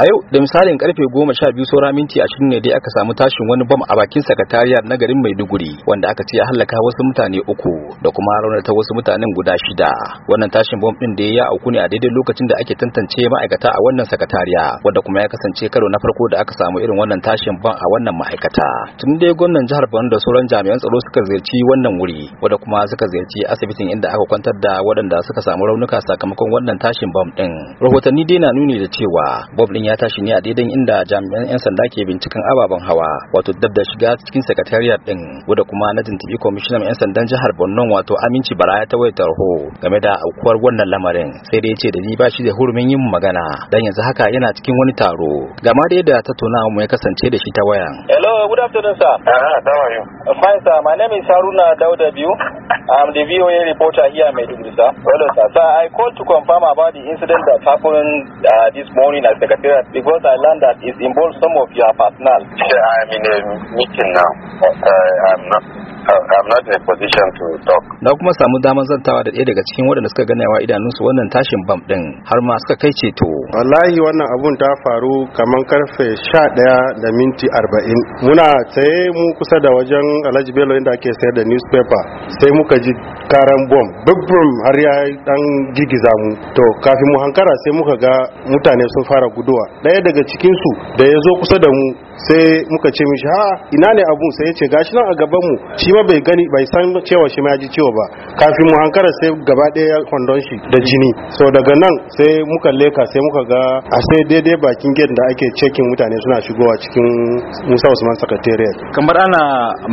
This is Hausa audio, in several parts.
a yau da misalin karfe goma sha biyu saura minti ashirin ne dai aka samu tashin wani bam a bakin sakatariya na garin maiduguri wanda aka ce ya halaka wasu mutane uku da kuma raunar ta wasu mutanen guda shida wannan tashin bam din da ya auku ne a daidai lokacin da ake tantance ma'aikata a wannan sakatariya wanda kuma ya kasance karo na farko da aka samu irin wannan tashin bam a wannan ma'aikata tun dai gwamnan jihar Borno da sauran jami'an tsaro suka ziyarci wannan wuri wanda kuma suka ziyarci asibitin inda aka kwantar da waɗanda suka samu raunuka sakamakon wannan tashin bam din rahotanni dai na nuni da cewa bam din ya tashi ne a daidan inda jami'an 'yan sanda ke binciken ababen hawa wato dab da shiga cikin sakatariyar din wadda kuma na tuntubi kwamishinan 'yan sandan jihar borno wato aminci bara ya tawaye tarho game da aukuwar wannan lamarin sai dai ya ce da ni ba shi da hurumin yin magana dan yanzu haka yana cikin wani taro gama da yadda tona mu ya kasance da shi ta wayan hello good afternoon sir ah how are you my name is haruna dauda biyu Um, I'm the VOA reporter here, Maiduguri, Hello, sir. Sir, I called to confirm about the incident that happened uh, this morning at Secretariat because I learned that it involved some of your personnel. I'm in a meeting now. Uh, I'm not I'm not in a position to talk. Na kuma samu damar zantawa da ɗaya daga cikin waɗanda suka ganewa idanunsu wannan tashin bam ɗin har ma suka kai ceto. Wallahi wannan abun ta faru kamar karfe sha ɗaya da minti arba'in. Muna tsaye mu kusa da wajen Alhaji Bello inda ake sayar da newspaper sai muka ji karan bom bum har ya dan girgiza mu. To kafin mu hankara sai muka ga mutane sun fara guduwa. Ɗaya daga cikinsu da ya zo kusa da mu sai muka ce mishi ha ina ne abun sai ya ce gashi nan a gaban mu shi ba bai gani bai san cewa shi ma ji ciwo ba kafin mu hankara sai gaba ɗaya kwandon shi da jini so daga nan sai muka leka sai muka ga a sai daidai bakin gate da ake cekin mutane suna shigowa cikin Musa Usman Secretariat kamar ana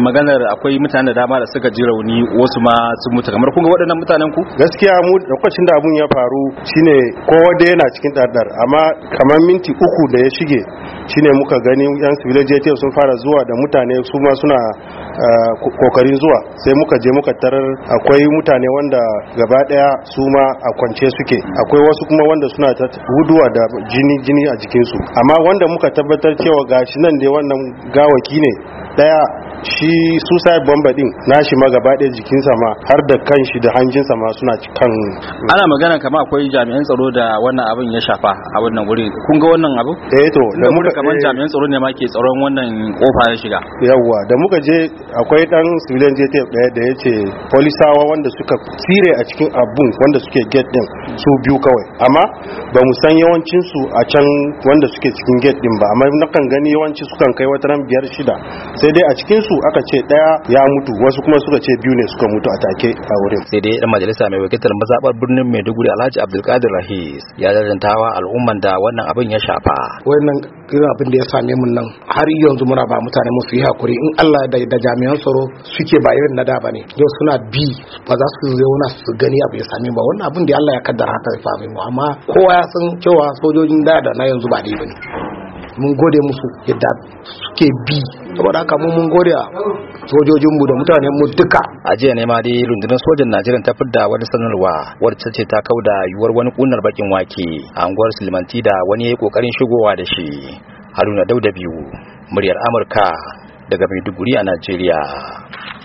maganar akwai mutane da dama da suka ji rauni wasu ma sun mutu kamar kun ga waɗannan mutanen ku gaskiya mu lokacin da abun ya faru shine kowa da yana cikin ɗarɗar amma kamar minti uku da ya shige shine muka gani yan civil sun fara zuwa da mutane su ma suna eh, kokarin zuwa sai muka je muka tarar akwai mutane wanda gaba daya su ma a kwance suke akwai wasu kuma wanda suna ta huduwa da jini jini a jikinsu amma wanda muka tabbatar cewa gashi nan dai wannan gawaki ne daya shi suicide bomber din nashi ma gaba ɗaya jikinsa ma har da kanshi da hanjinsa ma suna kan ana magana kama akwai jami'an tsaro da wannan abin ya shafa a wannan wuri kun ga wannan abu eh to da muka kamar eh. jami'an tsaro ne ma ke tsaron wannan kofa ya shiga yawwa da muka je akwai dan civilian JTF daya da yace polisawa wanda suka tsire a cikin abun wanda suke gate din su biyu kawai amma ba mu san yawancin su a can wanda suke cikin gate din ba amma na kan gani yawanci sukan kai wata ran biyar shida sai dai a cikin wasu aka ce daya ya mutu wasu kuma suka ce biyu ne suka mutu a take a wurin sai dai dan majalisa mai wakiltar mazabar birnin Maiduguri Alhaji Abdulkadir Rahis ya jajantawa al'umman da wannan abin ya shafa wannan irin abin da ya same mu nan har yanzu muna ba mutane mu su yi hakuri in Allah da da jami'an tsaro suke ba irin na da bane yau suna bi ba za su zauna su gani abu ya same ba wannan abin da Allah ya kaddara haka ya same mu amma kowa ya san cewa sojojin da da na yanzu ba dai ne. mun gode musu yadda suke bi saboda haka mun gode a sojojinmu da mutanen mu duka a jiya ne ma dai rundunar sojan Najeriya ta fidda wani sanarwa wacce ce ta kauda yuwar wani kunnar bakin wake a unguwar Silmanti da wani ya yayi kokarin shigowa da shi Haruna Dauda biyu muryar Amurka daga Maiduguri a Najeriya